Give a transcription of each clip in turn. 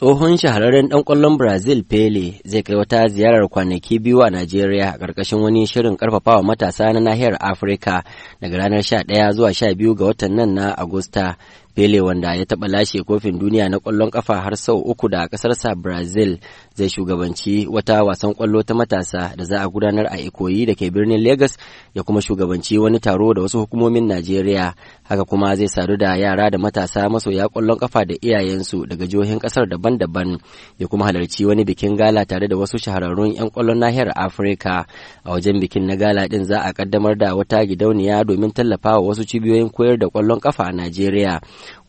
Tsohon shahararren ɗan ƙwallon Brazil Pele zai kai wata ziyarar kwanaki biyu a Najeriya a ƙarƙashin wani shirin ƙarfafawa matasa na nahiyar Afirka daga ranar 11 zuwa 12 ga watan nan na Agusta. Pele wanda ya taɓa lashe kofin duniya na kwallon ƙafa har sau uku da ƙasarsa Brazil zai shugabanci wata wasan kwallo ta matasa da za a gudanar a Ikoyi da ke birnin Lagos ya kuma shugabanci wani taro da wasu hukumomin Najeriya haka kuma zai sadu da yara da matasa masoya kwallon ƙafa da iyayensu daga jihohin ƙasar daban-daban ya kuma halarci wani bikin gala tare da wasu shahararrun 'yan ƙwallon nahiyar Afirka a wajen bikin na gala din za a kaddamar da wata gidauniya domin tallafawa wasu cibiyoyin koyar da kwallon ƙafa a Najeriya.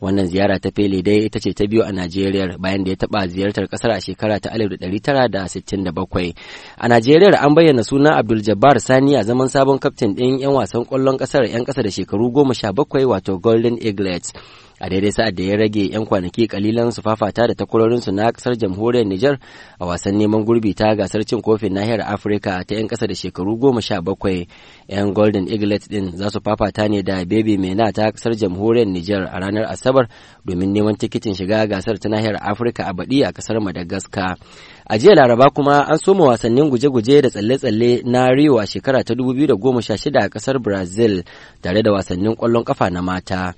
wannan ziyara ta fele dai ita ce ta biyu a najeriya bayan da ya taɓa ziyartar ƙasar a shekara ta 1967 a najeriya an bayyana suna abdul jabbar sani a zaman sabon kaftin ɗin 'yan wasan kwallon ƙasar 'yan kasa da shekaru bakwai, wato golden eaglets a daidai sa'ad da ya rage 'yan kwanaki kalilan su fafata da takwarorinsu na kasar jamhuriyar Nijar a wasan neman gurbi ta gasar cin kofin nahiyar Afirka ta 'yan kasa da shekaru goma sha bakwai 'yan Golden Eaglet din za su fafata ne da Baby Mena ta kasar jamhuriyar Nijar a ranar Asabar domin neman tikitin shiga gasar ta nahiyar Afirka a baɗi a kasar Madagascar. A jiya Laraba kuma an soma wasannin guje-guje da tsalle-tsalle na Rio a shekara ta 2016 a kasar Brazil tare da wasannin kwallon kafa na mata.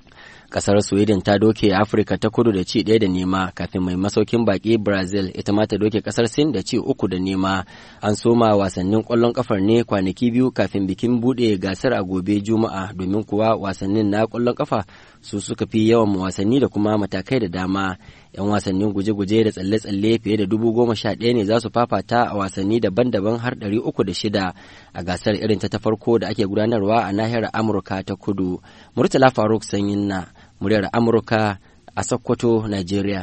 kasar sweden ta doke afirka ta kudu da ci ɗaya da nema kafin mai masaukin baki brazil ita ma ta doke kasar sin da ci uku da nema an soma wasannin kwallon kafar ne kwanaki biyu kafin bikin Bude gasar a gobe juma'a domin kuwa wasannin na kwallon kafa su suka fi yawan wasanni da kuma matakai da dama yan wasannin guje-guje da tsalle-tsalle fiye da dubu goma sha ɗaya ne za su fafata a wasanni daban-daban har ɗari uku da shida a gasar irin ta ta farko da ake gudanarwa a nahiyar amurka ta kudu murtala faruk sanyin na muryar amurka a sokoto najeriya